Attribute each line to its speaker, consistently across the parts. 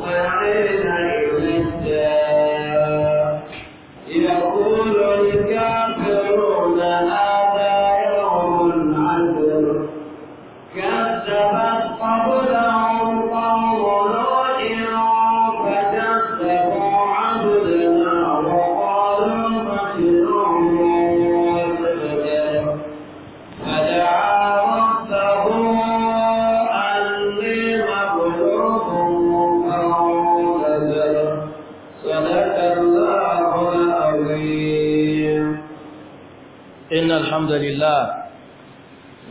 Speaker 1: وعين الوداع يقول الكافر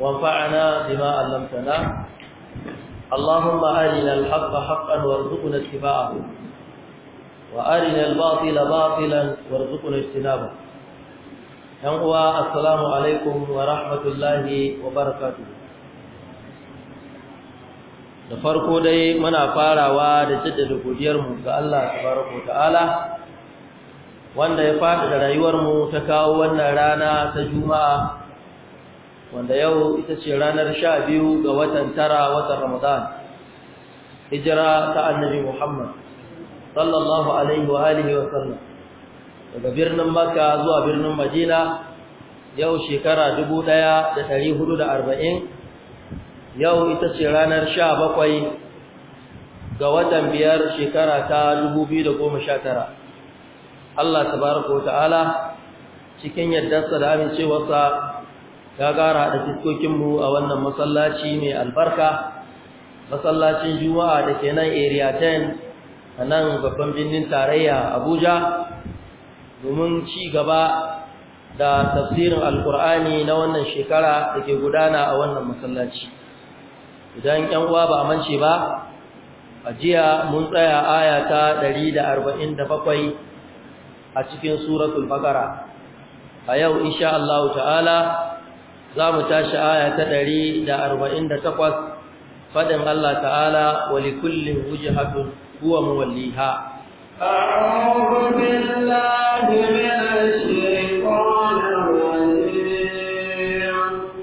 Speaker 2: وانفعنا بما علمتنا اللهم أرنا الحق حقا وارزقنا اتباعه وأرنا الباطل باطلا وارزقنا اجتنابه يوم السلام عليكم ورحمة الله وبركاته da farko dai muna farawa da jaddada godiyarmu ga Allah tabaraka ta'ala wanda ya fada da rayuwarmu ta kawo wannan rana ta juma'a wanda yau ita ce ranar sha biyu ga watan tara watan Ramadan hijira ta annabi Muhammad sallallahu alaihi wa alihi wa sallam daga birnin Makka zuwa birnin Madina yau shekara 1440 yau ita ce ranar sha bakwai ga watan biyar shekara ta 2019 Allah tabaraka wa ta'ala cikin yardarsa da amincewarsa ya gara da mu a wannan masallaci mai albarka masallacin juma'a da ke nan area 10 a nan babban birnin tarayya abuja domin ci gaba da tafsirin alkur'ani na wannan shekara da ke gudana a wannan masallaci idan yan uwa ba a mance ba a jiya mun tsaya aya ta 147 a cikin suratul bakara a yau insha Allah ta'ala za mu tashi aya ta ɗari da arba'in da takwas faɗin Allah ta'ala wa kullum wuji haɗu kuwa
Speaker 1: mawalli ha.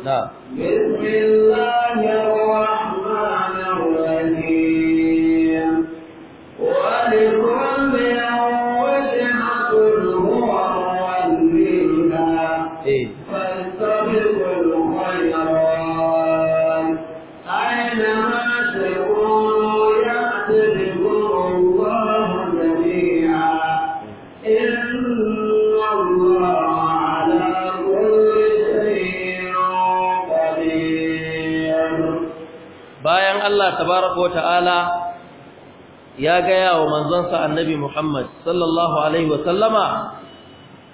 Speaker 1: Na.
Speaker 2: tabaraka wa ta'ala ya gaya wa manzonsa annabi Muhammad sallallahu alaihi wa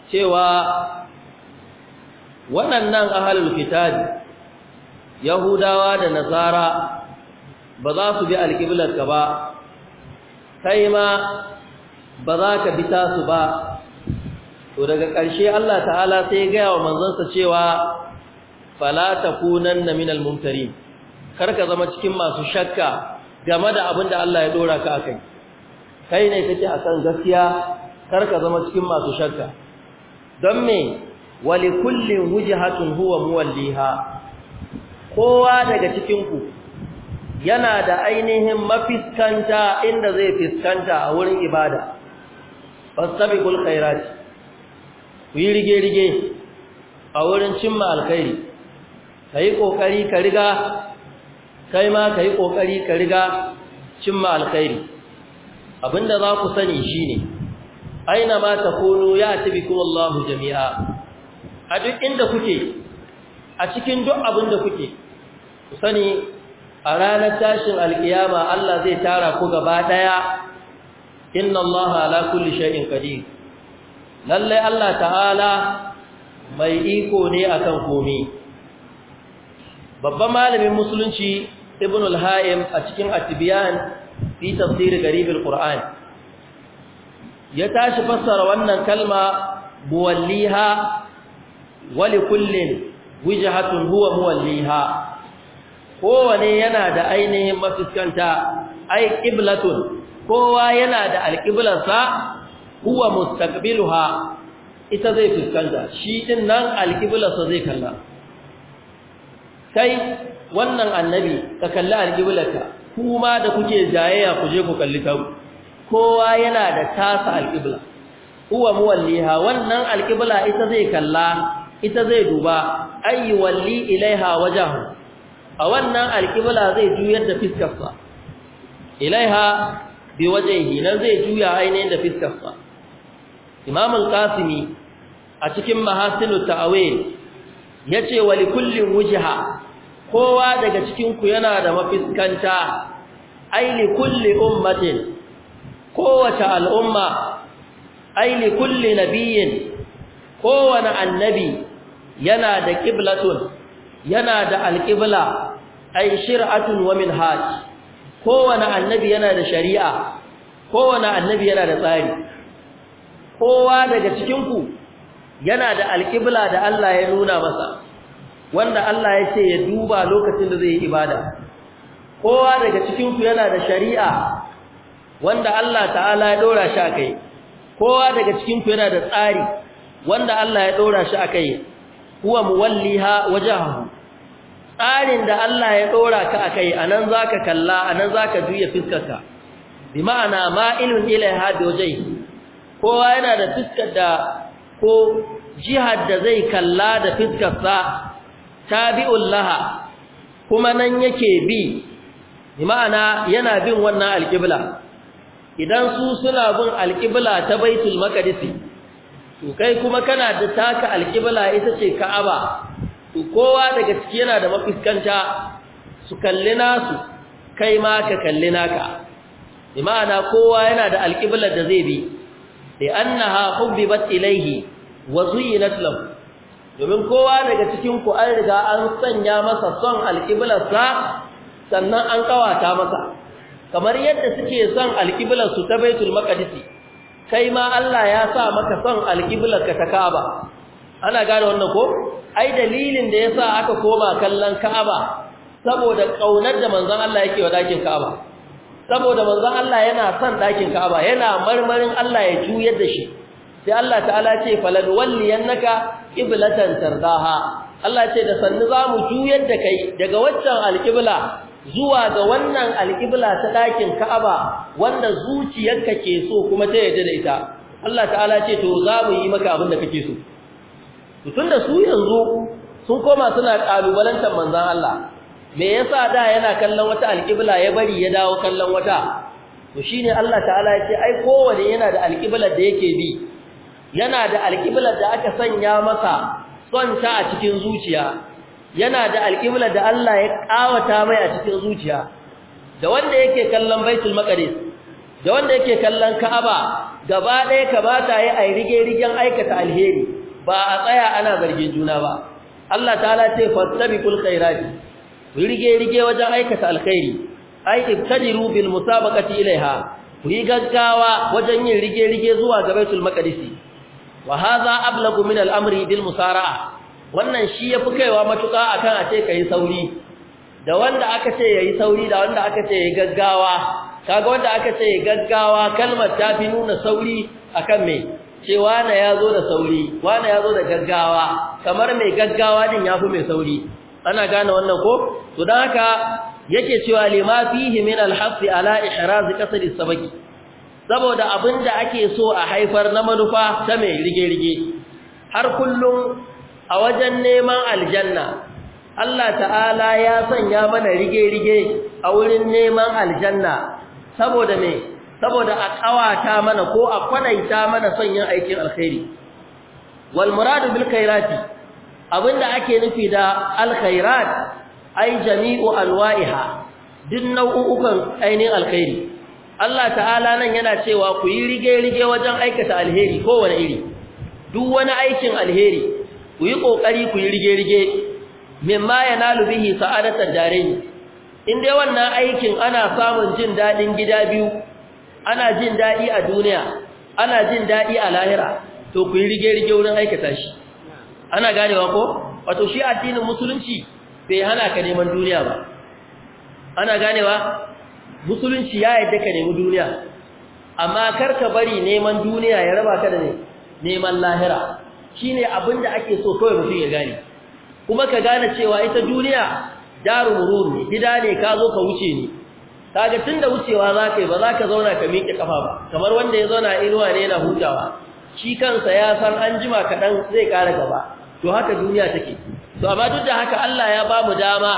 Speaker 2: cewa waɗannan ahlul kitab yahudawa da nasara ba za su bi alqiblarka ba kai ma ba za ka bi tasu ba to daga ƙarshe Allah ta'ala sai ya gaya wa manzonsa cewa fala na minal mumtarin karka zama cikin masu shakka game da abin da Allah ya dora ka a kai Kai ne kake akan gaskiya kar ka zama cikin masu shakka don me wali kullin wujhatun huwa muwalliha kowa daga cikin ku yana da ainihin mafiskanta inda zai fiskanta a wurin ibada fastabiqul khairat ku yi rige-rige a wurin cimma alkhairi kai kokari ka riga kai ma ka yi ƙoƙari ka riga cimma alkhairi abinda za ku sani shi ne. aina ma ta kono ya tabi tabikum Allahu jami'a a duk inda kuke a cikin duk abinda kuke ku sani a ranar tashin alkiyama Allah zai tara ku gaba ɗaya. inna Allah ala kulli shay'in qadir lalle Allah ta'ala mai iko ne akan komai babban malamin musulunci ibn al-haim a cikin at-tibyan fi tafsir garib al-qur'an ya tashi fassara wannan kalma buwalliha wa likullin wijhatun huwa muwalliha kowane yana da ainihin mafiskanta ai qiblatun kowa yana da al-qiblarsa, huwa mustaqbiluha ita zai fuskanta shi din nan al-qiblarsa zai kalla kai wannan annabi ka kalli alqiblata kuma da kuke jayayya ku je ku kalli ta kowa yana da tasa alqibla huwa muwalliha wannan alƙibla ita zai kalla ita zai duba ayi walli ilaiha wajahu a wannan alƙibla zai juyar da sa ilaiha bi wajhihi nan zai juya ainihin da sa imam al-qasimi a cikin mahasinu ta'awil yace wa likullin wujha kowa daga cikinku yana da mafiskanta aili kulli ummatin kowace al'umma aili kulli nabiyin kowane annabi yana da qiblatun yana da alqibla ay shir'atun wa minhaj kowane annabi yana da shari'a kowane annabi yana da tsari kowa daga cikinku yana da alqibla da Allah ya nuna masa wanda Allah ya ce ya duba lokacin da zai yi ibada kowa daga cikin ku yana da shari'a wanda Allah ta'ala ya dora shi akai kowa daga cikin ku yana da tsari wanda Allah ya dora shi akai huwa muwalliha wajahu tsarin da Allah ya dora ka akai anan zaka kalla anan zaka juya fiskarka bi ma'ana ma'ilun ilaiha bi wajhihi kowa yana da fiskar da ko jihar da zai kalla da fiskarsa tabi'ul laha kuma nan yake bi ma'ana yana bin wannan alƙibla idan su suna bin alƙibla ta baitul maqdisi to kai kuma kana da taka alƙibla ita ce ka'aba to kowa daga ciki yana da mafiskanta su kalli nasu kai ma ka kalli naka ma'ana kowa yana da alƙiblar da zai bi li annaha hubbibat ilayhi wa zuyinat lahu domin kowa daga cikin ku an riga an sanya masa son alƙiblarsa sannan an kawata masa kamar yadda suke son su ta baitul maqdisi kai ma Allah ya sa maka son alƙiblarka ta Ka'aba ana gane wannan ko ai dalilin da yasa aka koma kallon Ka'aba saboda kaunar da manzon Allah yake wa dakin Ka'aba saboda manzon Allah yana son dakin Ka'aba yana marmarin Allah ya juyar da shi sai Allah ta'ala ce falad walliyannaka qiblatan tardaha Allah ce da sannu zamu mu juyar da kai daga waccan alqibla zuwa ga wannan alqibla ta dakin Ka'aba wanda zuciyarka ke so kuma ta yarda da ita Allah ta'ala ce to za mu yi maka abin da kake so tun da su yanzu sun koma suna kalubalantar Manzon Allah me yasa da yana kallon wata alqibla ya bari ya dawo kallon wata to shine Allah ta'ala ya ce ai kowane yana da alƙiblar da yake bi yana da alƙiblar da aka sanya masa son ta a cikin zuciya yana da alƙiblar da Allah ya kawata mai a cikin zuciya da wanda yake kallon Baitul Maqdis da wanda yake kallon Ka'aba gaba ɗaya ka ta yi ai rige-rigen aikata alheri ba a tsaya ana zargin juna ba Allah ta'ala ce fastabiqul khairati rige-rige wajen aikata alkhairi ai ibtadiru bil musabaqati ilaiha ku yi gaggawa wajen yin rige-rige zuwa ga Baitul Maqdis Wahaza hadha ablagu min al-amri bil musara'a wannan shi yafi kaiwa matuƙa akan a ce kai sauri da wanda aka ce yayi sauri da wanda aka ce yayi gaggawa kaga wanda aka ce yayi gaggawa kalmar ta fi nuna sauri akan me cewa na yazo da sauri wani yazo da gaggawa kamar mai gaggawa din yafi mai sauri ana gane wannan ko to dan haka yake cewa lima fihi min al-hafi ala ihraz kasri sabaki saboda abin da ake so a haifar na manufa ta mai rige-rige har kullum a wajen neman aljanna Allah ta'ala ya sanya mana rige-rige a wurin neman aljanna saboda me saboda a kawata mana ko a kwanaita mana sanyin aikin alkhairi wal muradu bil khairati abinda ake nufi da al khairat ay jami'u anwa'iha duk nau'ukan ainihin alkhairi Allah ta'ala nan yana cewa ku yi rige-rige wajen aikata alheri kowane iri duk wani aikin alheri ku yi kokari ku yi rige-rige mimma yanalu bihi sa'adatar darain in dai wannan aikin ana samun jin dadin gida biyu ana jin dadi a duniya ana jin dadi a lahira to ku yi rige-rige wurin aikata shi ana ganewa ko wato shi addinin musulunci bai hana ka neman duniya ba ana ganewa musulunci ya yadda ka nemi duniya amma kar ka bari neman duniya ya raba ka da neman lahira shine abin da ake so kawai mutum ya gane kuma ka gane cewa ita duniya daru murur ne gida ne ka zo ka wuce ne kaga tunda wucewa za ka yi ba za ka zauna ka miƙe kafa ba kamar wanda ya zauna inuwa ne yana hutawa shi kansa ya san an jima kaɗan zai ƙara gaba to haka duniya take to amma duk da haka Allah ya ba mu dama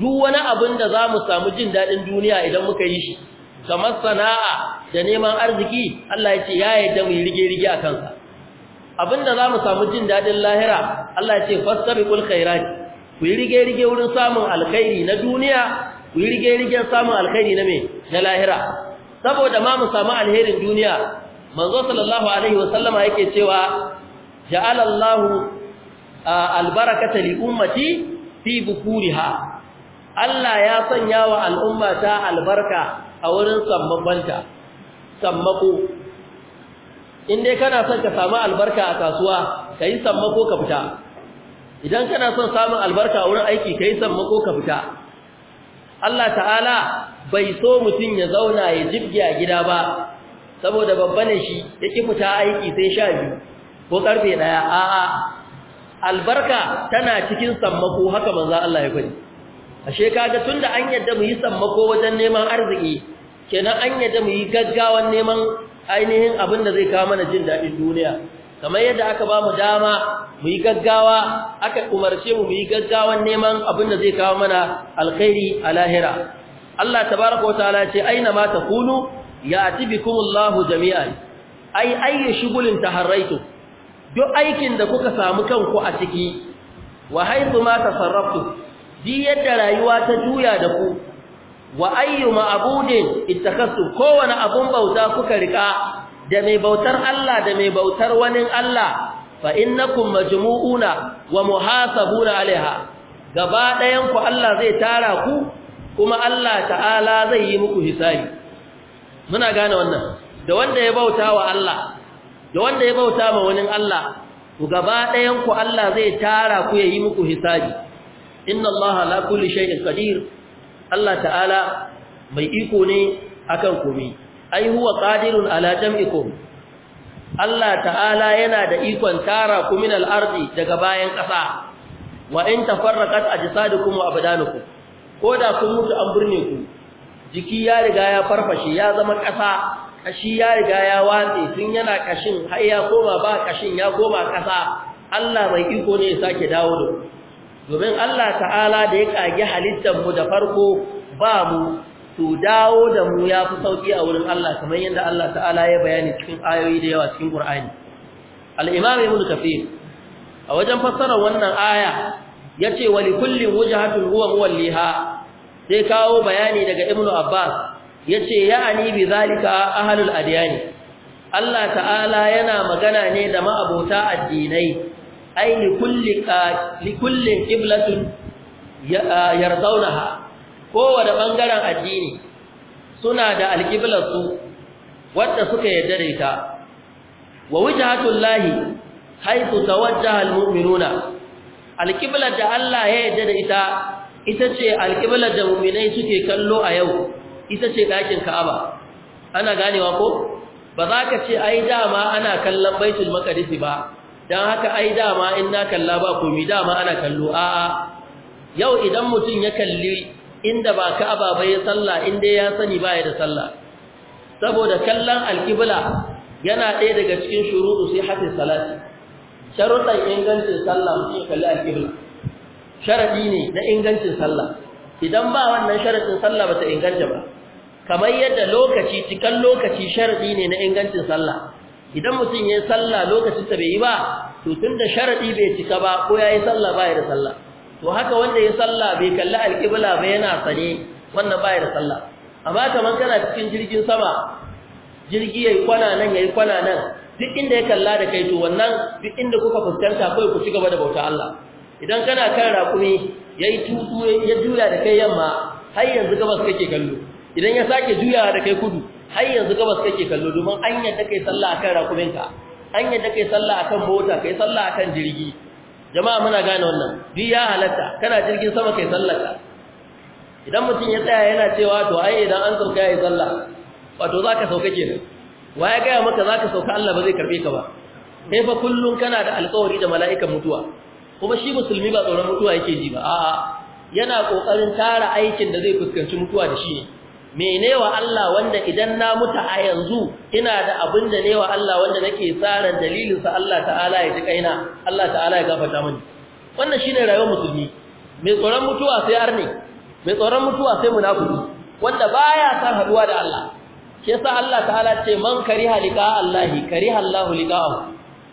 Speaker 2: duk wani abin da za mu samu jin daɗin duniya idan muka yi shi kamar sana'a da neman arziki Allah ya ce ya yadda mu yi rige-rige a kansa abin da za mu samu jin daɗin lahira Allah ya ce fastabiqul khairat ku yi rige-rige wurin samun alkhairi na duniya ku yi rige rige samun alkhairi na me na lahira saboda ma mu samu alherin duniya manzo sallallahu alaihi wa sallama yake cewa ja'alallahu albarakata li ummati fi bukuriha Allah ya sanya wa al'umma ta albarka a wurin sammabanta sammako in dai kana son ka samu albarka a kasuwa ka yi sammako ka fita idan kana son samun albarka a wurin aiki ka yi sammako ka fita Allah ta'ala bai so mutum ya zauna ya jibge a gida ba saboda babba ne shi ya ƙi fita aiki sai sha biyu ko karfe ɗaya. a'a albarka tana cikin sammako haka manzo Allah ya faɗi ashe kaga tunda an yadda mu yi sammako wajen neman arziki kenan an yadda mu yi gaggawan neman ainihin abin da zai kawo mana jin daɗin duniya kamar yadda aka ba mu dama mu yi gaggawa aka umarce mu mu yi gaggawan neman abin da zai kawo mana alkhairi a lahira Allah tabaraka wa ta'ala ce aina ma takunu ya'ti bikumullahu jami'an ai ayyu ta taharraitu duk aikin da kuka samu kanku a ciki wa haythu ma tasarraftu di yadda rayuwa ta juya da ku wa ayyu ma'budin ittakhasu kowane abun bauta kuka rika da mai bautar Allah da mai bautar wani Allah fa innakum majmu'una wa muhasabuna alaiha gaba ɗayan ku Allah zai tara ku kuma Allah ta'ala zai yi muku hisabi muna gane wannan da wanda ya bauta wa Allah da wanda ya bauta ma wani Allah ku gaba ɗayan ku Allah zai tara ku yayi muku hisabi inna allaha la kulli shay'in qadir Allah ta'ala mai iko ne akan komai ai huwa qadirun ala jam'ikum Allah ta'ala yana da ikon tara ku min al-ardi daga bayan kasa. wa in tafarraqat ajsadukum wa abdanukum koda kun mutu an burne ku jiki ya riga ya farfashe ya zama ƙasa kashi ya riga ya watse tun yana kashin har ya koma ba kashin ya koma ƙasa Allah mai iko ne ya sake dawo da ku domin Allah ta'ala da ya kage halittar mu da farko ba mu to dawo da mu ya fi sauki a wurin Allah kamar yadda Allah ta'ala ya bayani cikin ayoyi da yawa cikin Qur'ani al-Imam Ibn Kathir a wajen fassara wannan aya yace wa likulli wajhatun huwa muwalliha sai kawo bayani daga Ibn Abbas yace ya'ani bi zalika ahlul adyani Allah ta'ala yana magana ne da ma'abota addinai ai likulli likullin qiblatun yardawnaha kowane bangaren addini suna da alqiblarsu wanda suka yarda da ita wa wajhatullahi haythu tawajjaha almu'minuna alqiblar da Allah ya yarda da ita ita ce alqiblar da mu'minai suke kallo a yau ita ce ɗakin Ka'aba ana ganewa ko ba za ka ce ai dama ana kallon Baitul Maqdis ba don haka ai dama in na kalla ba komi dama ana kallo a'a yau idan mutum ya kalli inda ba ka ababa ya salla inda ya sani ba ya da salla saboda kallon alkibla yana ɗaya daga cikin shuruɗu sai hafi salati sharuɗan ingancin sallah mutum ya kalli alkibla sharaɗi ne na ingancin sallah idan ba wannan sharaɗin sallah ba ta inganta ba kamar yadda lokaci cikan lokaci sharaɗi ne na ingancin sallah idan mutum ya yi sallah lokacin ta bai yi ba to tunda sharadi bai cika ba ko yayi sallah bai da sallah to haka wanda ya sallah bai kalli alqibla ba yana sane wannan bai da sallah amma kamar kana cikin jirgin sama jirgi yayi kwana nan yayi kwana nan duk inda ya kalla da kai to wannan duk inda kuka fuskanta kai ku ci gaba da bauta Allah idan kana kan rakumi yayi tutu ya juya da kai yamma har yanzu gabas kake kallo idan ya sake juyawa da kai kudu har yanzu gabas kake kallo domin an yadda kai sallah akan rakuminka an yadda kai sallah akan bota kai sallah akan jirgi jama'a muna gane wannan duk ya halatta kana jirgin sama kai sallarka idan mutum ya tsaya yana cewa to ai idan an sauka yayi sallah wato zaka sauka kenan waye ga maka zaka sauka Allah ba zai karbe ka ba kai fa kullun kana da alƙawari da mala'ikan mutuwa kuma shi musulmi ba tsoron mutuwa yake ji ba a'a yana kokarin tara aikin da zai fuskanci mutuwa da shi ne wa Allah wanda idan na mutu a yanzu ina da abin da ne wa Allah wanda nake tsaran dalilin sa Allah ta'ala ya ji kaina Allah ta'ala ya gafarta mini wannan shine rayuwar musulmi mai tsoron mutuwa sai arne mai tsoron mutuwa sai munafiki wanda baya san haduwa da Allah shi yasa Allah ta'ala ce man kariha liqa Allahi, kariha Allah liqa'ahu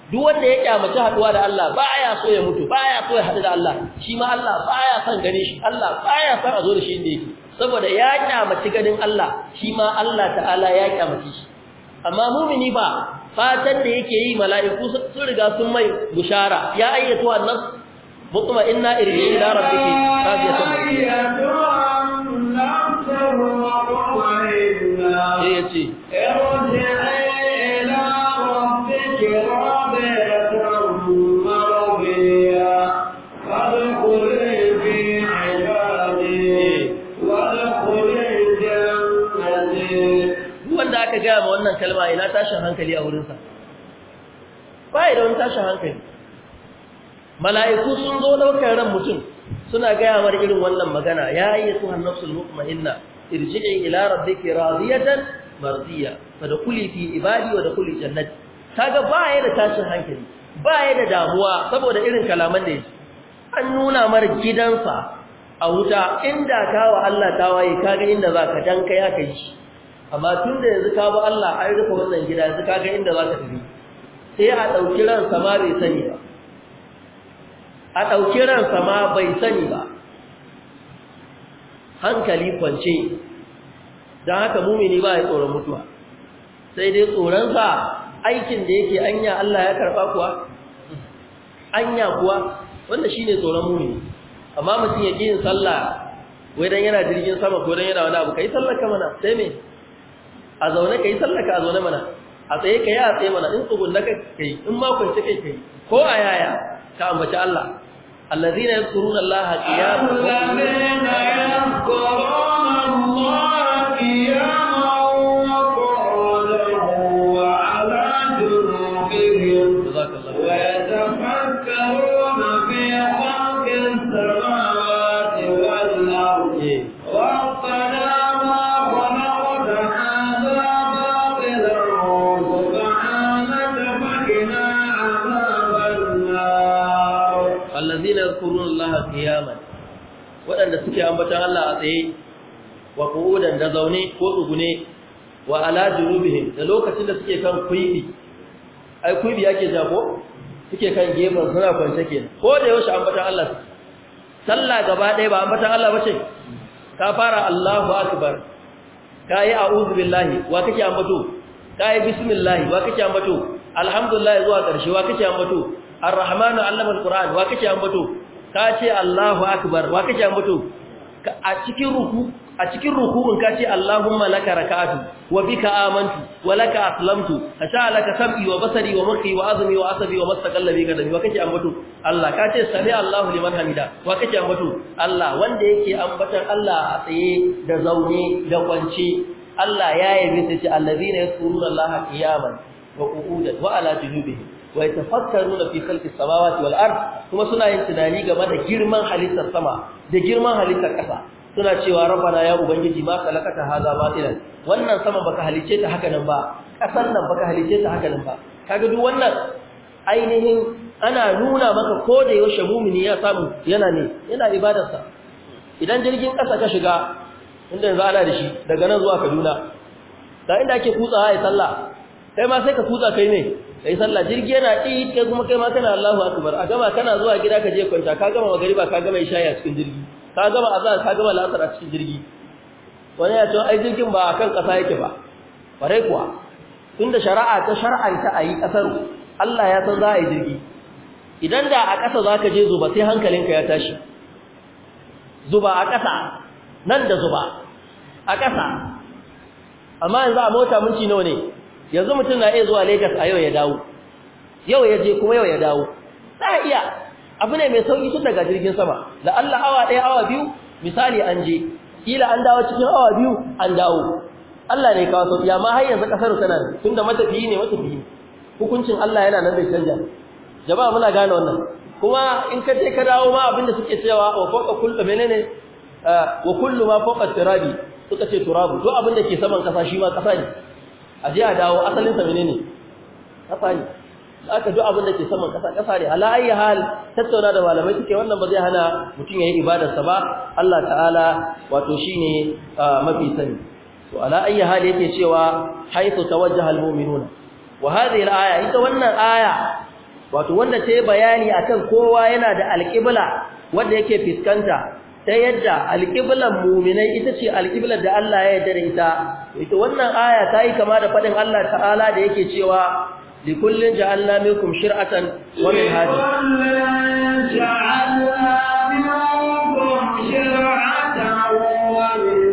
Speaker 2: duk wanda ya kyamaci haduwa da Allah baya so ya mutu baya so ya hadu da Allah shi ma Allah baya san gane shi Allah baya san a zo da shi inda yake saboda ya kyamaci gadin Allah shi ma Allah ta'ala ya kyamaci shi amma mumini ba fatan da yake yi mala'iku sun riga sun mai bushara ya ayyatu annas mutuma inna irji ila rabbiki radiyatan marziya
Speaker 1: ya yace
Speaker 2: kalma ina tashin hankali a wurinsa ba da wani tashin hankali mala'iku sun zo daukar ran mutum suna gaya mar irin wannan magana ya yi su hannafsul mutmainna irji'i ila rabbiki radiyatan marziya fa da kuli fi ibadi wa da kuli jannati kaga ba yi da tashin hankali ba yi da damuwa saboda irin kalaman da yake an nuna mar gidansa a wuta inda kawo Allah tawaye ga inda zaka danka ya kai shi amma tun da yanzu ka bi Allah ai rufe wannan gida yanzu ka ga inda za ka tafi sai a ɗauki ransa ma bai sani ba a ɗauki ransa ma bai sani ba hankali kwance don haka mumini ba ya tsoron mutuwa sai dai tsoronsa aikin da yake anya Allah ya karɓa kuwa anya kuwa wanda shine tsoron mumini amma mutum ya ƙi yin sallah wai dan yana jirgin sama ko dan yana wani abu kai sallar ka mana sai mai a zaune kai sallaka a zaune mana a tsaye kai a tsaye mana in tsugunna kai in ma kwance kai kai ko a yaya ka ambaci Allah allazina yadhkuruna Allah qiyaman wa
Speaker 1: qu'udan
Speaker 2: an ambatan Allah a tsaye wa ƙudan da zaune ko tsugune wa ala rubihin da lokacin da suke kan kuibi ai kuibi yake jago suke kan gefen suna kwance kenan ko da yaushe ambatan Allah suke sallah gaba ɗaya ba ambatan Allah ba ce? ka fara Allahu akbar yi a'udhu billahi wa kake ambato yi bismillah wa kake ambato alhamdulillah zuwa ƙarshe wa kake ambato arrahmanu allama alquran wa kake ambato ka ce allahu akbar wa kake ambato a cikin ruku a cikin ka ce Allahumma laka raka'atu wa bika amantu wa laka aslamtu sha alaka sam'i wa basari wa mulki wa azmi wa asabi wa mastaqalla ga qadami wa kake ambato Allah ka ce sami Allahu liman hamida wa kake ambato Allah wanda yake ambatan Allah a tsaye da zaune da kwance Allah ya yi sai ce allazina yaskuruna Allah qiyaman wa qu'udan wa ala junubihim wa yatafakkaruna fi khalqis samawati wal ard kuma suna yin tunani game da girman halittar sama da girman halittar ƙasa suna cewa rabbana ya ubangiji ma khalaqata hadha batilan wannan sama baka halice ta haka nan ba kasan nan baka halice ta haka nan ba kaga duk wannan ainihin ana nuna maka ko da yaushe mumini ya samu yana ne yana ibadarsa idan jirgin ƙasa ka shiga inda yanzu ana da shi daga nan zuwa Kaduna da inda ake kutsawa ai sallah kai ma sai ka kutsa kai ne kai sallah jirgi yana ɗi kai kuma kai ma kana Allahu akbar a gama kana zuwa gida ka je kwanta ka gama magariba ka gama isha a cikin jirgi ka gama azan ka gama la'asar a cikin jirgi wani ya ce ai jirgin ba kan ƙasa yake ba bare kuwa tunda shari'a ta shar'anta a yi ƙasar Allah ya san za a yi jirgi idan da a ƙasa za ka je zuba sai hankalinka ya tashi zuba a ƙasa nan da zuba a ƙasa amma yanzu a mota minti nawa ne yanzu mutum na iya zuwa Lagos a yau ya dawo yau ya je kuma yau ya dawo za a iya abu ne mai sauki tun daga jirgin sama da Allah awa ɗaya awa biyu misali an je kila an dawo cikin awa biyu an dawo Allah ne kawo sauki amma har yanzu kasar tana tunda matafiyi ne matafiyi hukuncin Allah yana nan bai canja jama'a muna gane wannan kuma in ka je ka dawo ma abin da suke cewa wa fawqa kullu menene wa kullu ma fawqa turabi suka ce turabu to da ke saman kasa shi ma kasa ne a je dawo asalin sa menene ne aka duk abin da ke saman kasa kasa ne ala ayi hal tattauna da malamai suke wannan ba zai hana mutum yayi ibadar sa ba Allah ta'ala wato shine mafi sani to ala ayi hal yake cewa haythu tawajjaha almu'minuna wa hadhihi alaya ita wannan aya wato wanda ta yi bayani akan kowa yana da alƙibla wanda yake fiskanta ta yadda alƙiblar muminai ita ce alƙiblar da Allah ya yarda da ita ita wannan aya ta yi kama da faɗin Allah ta'ala da yake cewa likullin ja'alna minkum shir'atan wa minhaja ja'alna minkum shir'atan wa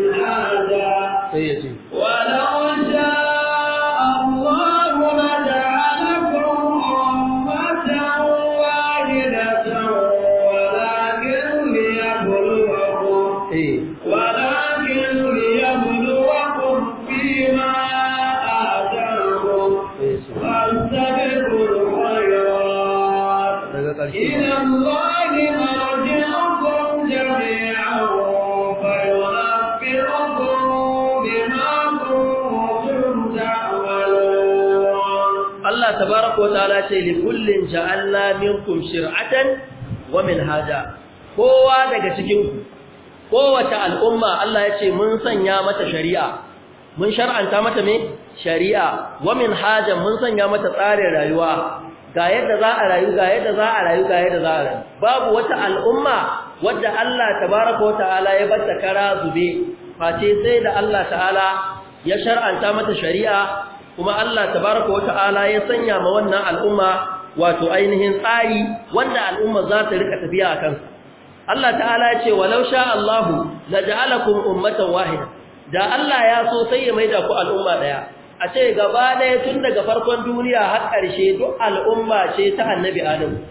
Speaker 2: ta'ala ce li kullin ja'alna minkum shir'atan wa minhaja kowa daga cikin kowace al'umma Allah ya ce mun sanya mata shari'a mun shar'anta mata me shari'a wa minhaja mun sanya mata tsarin rayuwa ga yadda za a rayu ga yadda za a rayu ga yadda za a rayu babu wata al'umma wadda Allah tabaraka ta'ala ya ta kara zube face sai da Allah ta'ala ya shar'anta mata shari'a kuma Allah tabaraka wa ta'ala ya sanya ma wannan al'umma wato ainihin tsari wanda al'umma za ta rika tafiya a kansa Allah ta'ala ya ce walau sha Allah la ja'alakum ummatan wahida da Allah ya so sai ya maida ku al'umma daya a ce gaba daya tun daga farkon duniya har ƙarshe duk al'umma ce ta annabi Adam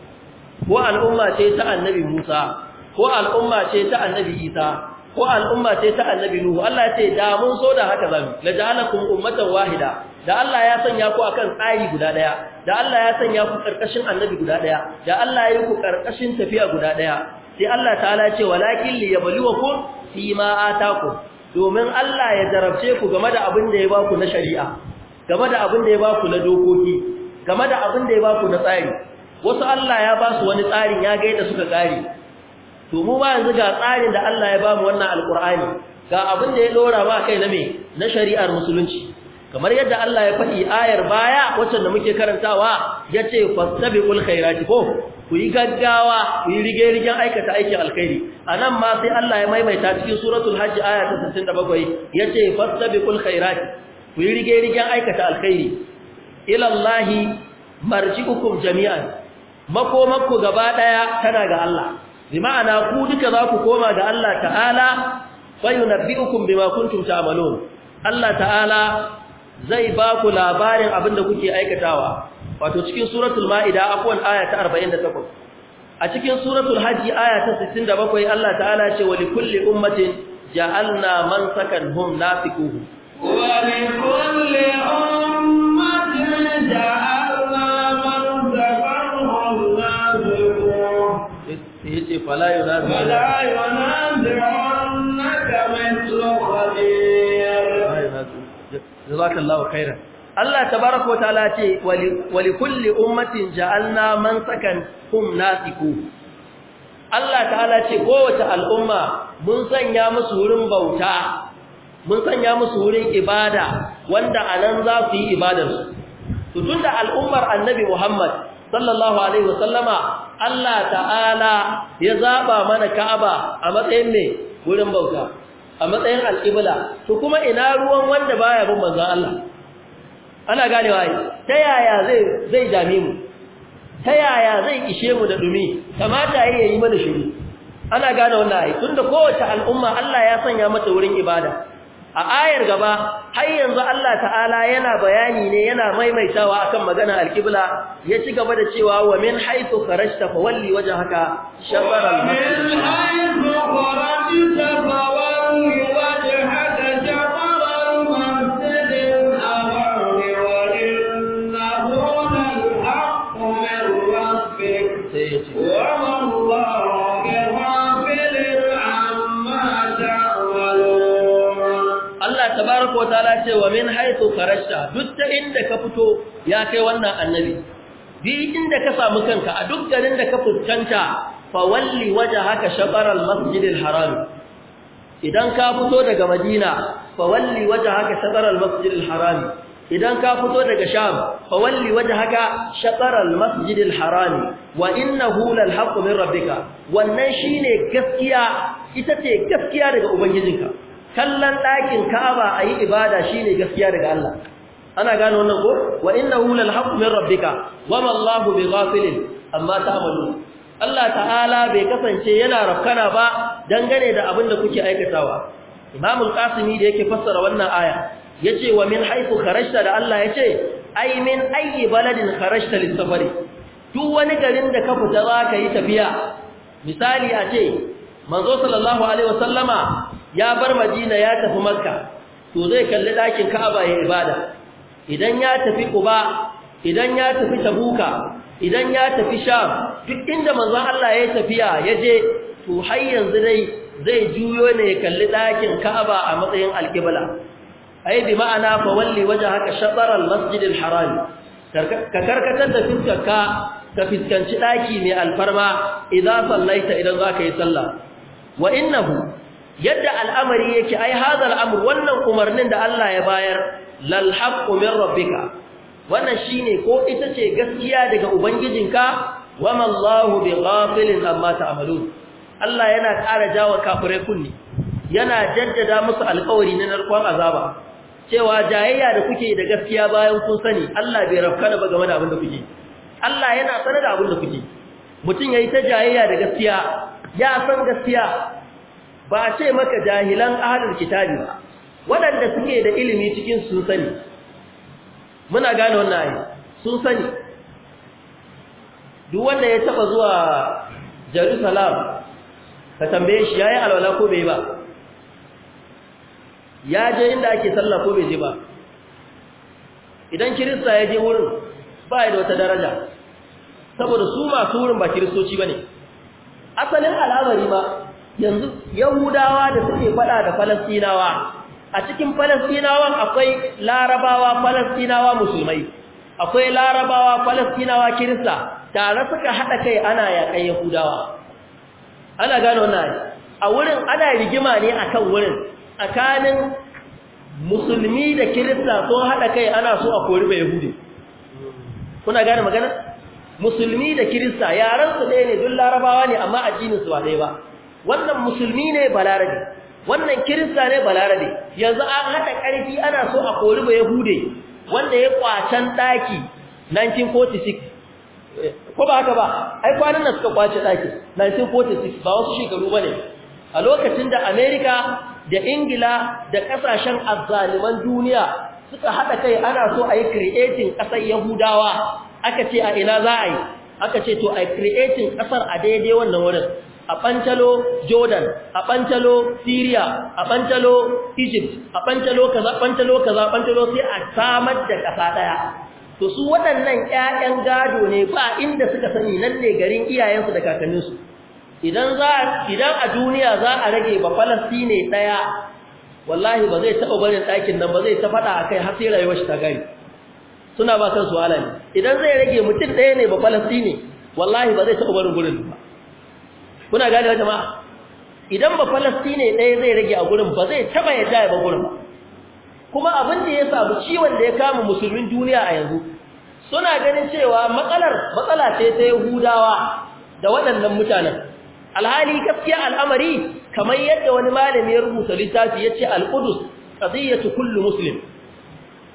Speaker 2: ko al'umma ce ta annabi Musa ko al'umma ce ta annabi Isa ko al'umma ce ta annabi Nuhu Allah ya ce da mun so da haka zamu la ja'alakum ummatan wahida da Allah ya sanya ku akan tsari guda daya da Allah ya sanya ku karkashin annabi guda daya da Allah ya yi ku karkashin tafiya guda daya sai Allah ta'ala ce walakin li yabluwakum fi ma ataku domin Allah ya jarabce ku game da abin da ya ba ku na shari'a game da abin da ya ba ku na dokoki game da abin da ya ba ku na tsari wasu Allah ya ba su wani tsarin ya ga yadda suka tsari to mu ba yanzu ga tsarin da Allah ya ba mu wannan alkur'ani ga abin da ya dora ba kai na me na shari'ar musulunci kamar yadda Allah ya faɗi ayar baya wacce da muke karantawa yace fastabiqul khairati ko ku yi gaggawa ku yi rige-rigen aikata aikin alkhairi anan ma sai Allah ya maimaita cikin suratul hajj aya ta 67 yace fastabiqul khairati ku yi rige-rigen aikata alkhairi ila Allah marji'ukum jami'an makomakku gaba daya tana ga Allah bi ma'ana ku duka za ku koma ga Allah ta'ala fa yunabbi'ukum bima kuntum ta'malun Allah ta'ala zai ba ku labarin abin da kuke aikatawa wato cikin suratul ma'ida akwai aya ta 48 a cikin suratul haji aya ta 67 Allah ta'ala ce wa likulli ummatin ja'alna man hum nasikuhu
Speaker 1: wa likulli ummatin ja'alna man sakanhum nasikuhu
Speaker 2: yace fala yunaziru fala yunaziru jazakallahu khairan Allah tabaraka wa ta'ala ce wali li kulli ummatin ja'alna man sakan hum nasiku Allah ta'ala ce kowace al'umma mun sanya musu wurin bauta mun sanya musu wurin ibada wanda anan za su yi ibadarsu to tunda al'ummar annabi Muhammad sallallahu alaihi wasallama Allah ta'ala ya zaba mana Ka'aba a matsayin ne wurin bauta a matsayin al'ibla, to kuma ina ruwan wanda baya bin manzon Allah ana ganewa yi. ta yaya zai dami mu ta yaya zai ishe mu da dumi kamata yayi yi mana shiru ana gane wannan ai tunda kowace al'umma Allah ya sanya mata wurin ibada a ayar gaba har yanzu Allah ta'ala yana bayani ne yana maimaitawa akan magana alqibla ya ci gaba da cewa wa min haythu kharajta walli
Speaker 1: wajhaka shatr al-masjid min haythu kharajta fawalli wajhaka
Speaker 2: subhanahu wataala ce wa min haythu kharajta duk ta inda ka fito ya kai wannan annabi duk inda ka samu kanka a duk garin da ka fuskanta fa walli wajhaka al-masjid al-haram idan ka fito daga madina fa walli wajhaka al-masjid al-haram idan ka fito daga sham fa walli wajhaka shatr al-masjid al-haram wa innahu lal-haqqu min rabbika wannan shine gaskiya ita ce gaskiya daga ubangijinka kallon ɗakin Ka'aba a yi ibada shine gaskiya daga Allah ana gano wannan ko wa na lal haqq min rabbika wa ma Allahu bighafilin amma ta'malun Allah ta'ala bai kasance yana rafkana ba dangane da abin da kuke aikatawa Imam al-Qasimi da yake fassara wannan aya yace wa min haythu kharajta da Allah yace ai min ayi baladin kharajta lis-safari duk wani garin da ka fita za ka yi tafiya misali a ce manzo sallallahu alaihi wasallama ya bar madina ya tafi makka to zai kalli ɗakin ka'aba ya ibada idan ya tafi quba idan ya tafi tabuka idan ya tafi sham duk inda manzon Allah ya tafiya ya je to har yanzu dai zai juyo ne ya kalli ɗakin ka'aba a matsayin alƙibla ai bi ma'ana fa walli wajhaka shatr al-masjid al-haram ka karkatar da fiskarka ka fiskanci ɗaki mai alfarma idan sallaita idan zaka yi sallah wa innahu yadda al'amari yake ai hadha al'amr wannan umarnin da Allah ya bayar lal haqqu min rabbika wannan shine ko ita ce gaskiya daga ubangijinka wama Allahu bighafilin amma ta'malun Allah yana ƙara jawa kafirai kunni yana jaddada musu alƙawari na narkon azaba cewa jayayya da kuke da gaskiya bayan kun sani Allah bai rafkana ba game da abin da kuke Allah yana sanar da abin da kuke mutum yayi ta jayayya da gaskiya ya san gaskiya ba a ce maka jahilan ahalar kitabi ba waɗanda suke da ilimi cikin sun sani muna gane wannan ayi Sun sani duk wanda ya taba zuwa Jerusalem ka tambaye shi yayi alwala ko bai ba ya je inda ake sallah ko bai je ba idan kirista ya je wurin ba ya da wata daraja saboda su masu wurin ba kiristoci bane asalin al'amari ma yanzu yahudawa da suke fada da falastinawa a cikin falastinawan akwai larabawa falastinawa musulmai akwai larabawa falastinawa kirista tare suka hada kai ana yakan yahudawa ana gano na a wurin ana rigima ne akan wurin tsakanin musulmi da kirista sun hada kai ana so a kori ba yahudi kuna gane magana musulmi da kirista yaran su ne duk larabawa ne amma addinin su ba ɗaya ba wannan musulmi ne balarabe wannan kirista ne balarabe yanzu an hada karfi ana so a kori ba yahude wanda ya kwacen daki 1946 eh, ko ba haka ba ai kwanan nan suka kwace daki 1946 ba wasu shekaru bane a lokacin da America da Ingila da kasashen azzaliman duniya suka hada kai ana so a yi creating kasar Yahudawa aka ce a ina za a yi aka ce to a creating kasar a daidai wannan wurin a ɓantalo jordan a ɓantalo syria a ɓantalo egypt a ɓantalo kaza ɓantalo kaza ɓantalo sai a samar da ƙasa ɗaya to su waɗannan ƴaƴan gado ne ba inda suka sani nan ne garin iyayensu da kakanninsu idan za idan a duniya za a rage ba falastine ɗaya wallahi ba zai taɓa barin ɗakin nan ba zai ta faɗa a kai har sai rayuwar shi ta gari suna ba kansu wahala ne idan zai rage mutum ɗaya ne ba falastine wallahi ba zai taɓa barin gurin ba kuna gane wa jama'a idan ba falastine ɗaya zai rage a gurin ba zai taɓa ya ya ba gurin kuma abin da ya samu ciwon da ya kama musulmin duniya a yanzu suna ganin cewa matsalar matsala ce ta yahudawa da waɗannan mutanen alhali gaskiya al'amari kamar yadda wani malami ya rubuta littafi ya ce al'udus qadiyatu kullu muslim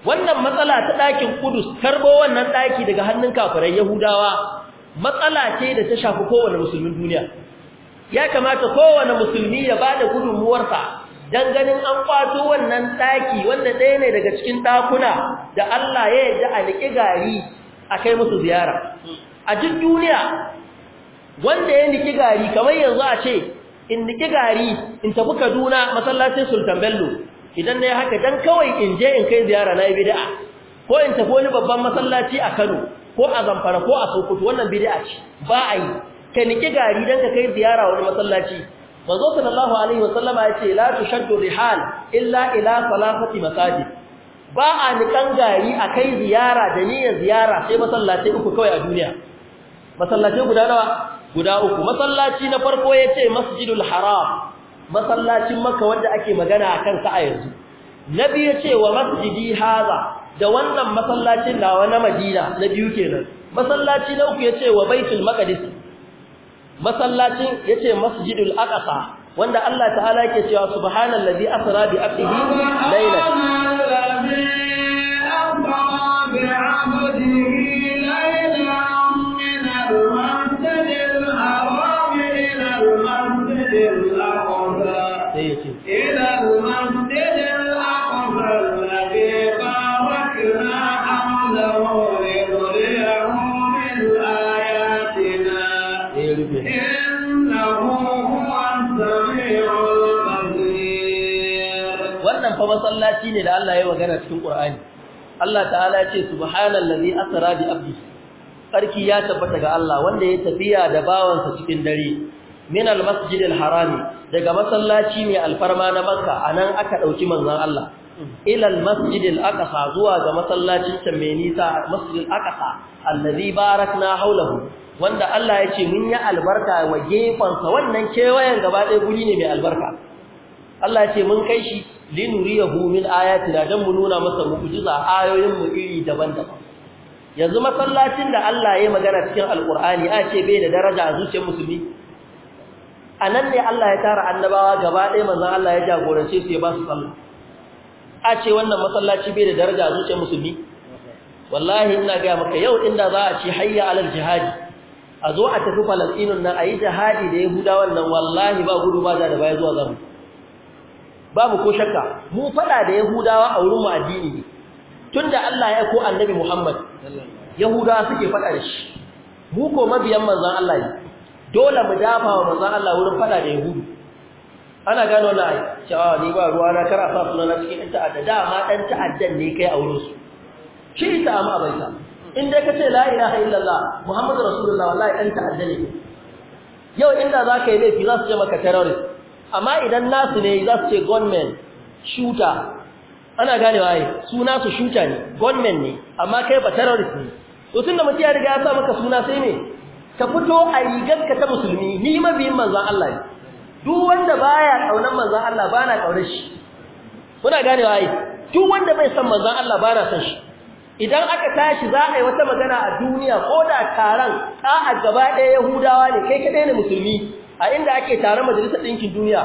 Speaker 2: wannan matsala ta ɗakin kudus karbo wannan ɗaki daga hannun kafirai yahudawa matsala ce da ta shafi kowane musulmin duniya ya kamata kowane musulmi ya bada gudunmuwarsa dan ganin an kwato wannan daki wanda ɗaya ne daga cikin dakuna da Allah ya yarda a liki gari akai musu ziyara a duk duniya wanda ya niki gari kamar yanzu a ce in niki gari in tafi Kaduna masallacin Sultan Bello idan nayi haka dan kawai in je in kai ziyara na bid'a ko in tafi wani babban masallaci a Kano ko a Zamfara ko a Sokoto wannan bid'a ce ba a yi ka niki gari don ka kai ziyara wani masallaci manzo sallallahu alaihi wasallama ya ce la tushaddu rihal illa ila salafati masaji ba a nikan gari a kai ziyara da niyan ziyara sai masallaci uku kawai a duniya masallaci guda nawa guda uku masallaci na farko ya ce masjidul haram masallacin maka wanda ake magana a kansa a yanzu nabi ce wa masjidi haza da wannan masallacin nawa na madina na biyu kenan masallaci na uku ce wa baitul maqdis masallacin yace masjidul aqsa wanda Allah ta'ala yake cewa subhanallazi asra bi abdihi laylan subhanallazi
Speaker 1: asra bi abdihi wannan
Speaker 2: fa masallaci ne da Allah ya magana cikin ƙur'ani Allah ta'ala ya ce subhanallazi asra bi abdi ƙarki ya tabbata ga Allah wanda ya tafiya da bawansa cikin dare min almasjidil harami daga masallaci mai alfarma na makka nan aka ɗauki manzan Allah ilal almasjidil aqsa zuwa ga masallacin can mai nisa masjidil aqsa allazi barakna hawlahu wanda Allah ya ce mun yi albarka wa gefansa wannan kewayen gaba ɗaya guri ne mai albarka Allah ya ce mun kai shi linuriyahu min ayatina dan mu nuna masa mu'jiza ayoyin mu iri daban-daban yanzu masallacin da Allah ya magana cikin alkur'ani a ce bai da daraja a zuciyar musulmi a nan ne Allah ya tara annabawa gaba ɗaya manzon Allah ya jagorance su ya ba su sallah a ce wannan masallaci bai da daraja a zuciyar musulmi wallahi ina ga maka yau inda za a ce hayya alal jihadi a zo a tafi Falasɗinun nan a yi jihadi da yahudawan nan wallahi ba gudu ba da baya zuwa zama. babu ko shakka mu fada da yahudawa a wurin mu addini ne tunda Allah ya ko annabi Muhammad yahudawa suke fada da shi mu ko mabiyan manzon Allah ne dole mu dafa wa manzan Allah wurin fada da yahudu ana gano na ai cewa ni ba ruwa na kara fa sunana cikin ta'adda dama dan ta'addan ne kai a wurin su shi ta amma abaita in dai ka ce la ilaha illallah muhammadu rasulullah wallahi dan ta'adda ne yau inda za ka yi laifi za su ce maka terrorist amma idan nasu ne za su ce gunmen shooter ana gane waye su nasu shooter ne gunmen ne amma kai ba terrorist ne to tunda mutum ya riga ya sa maka suna sai me. ka fito a ka ta musulmi ni mabiyin manzon Allah ne duk wanda baya kaunar manzon Allah bana kaunar shi kuna gane waye duk wanda bai san manzon Allah bana san shi idan aka tashi za a yi wata magana a duniya ko da taron a gaba ɗaya yahudawa ne kai kadai ne musulmi a inda ake taron majalisar ɗinkin duniya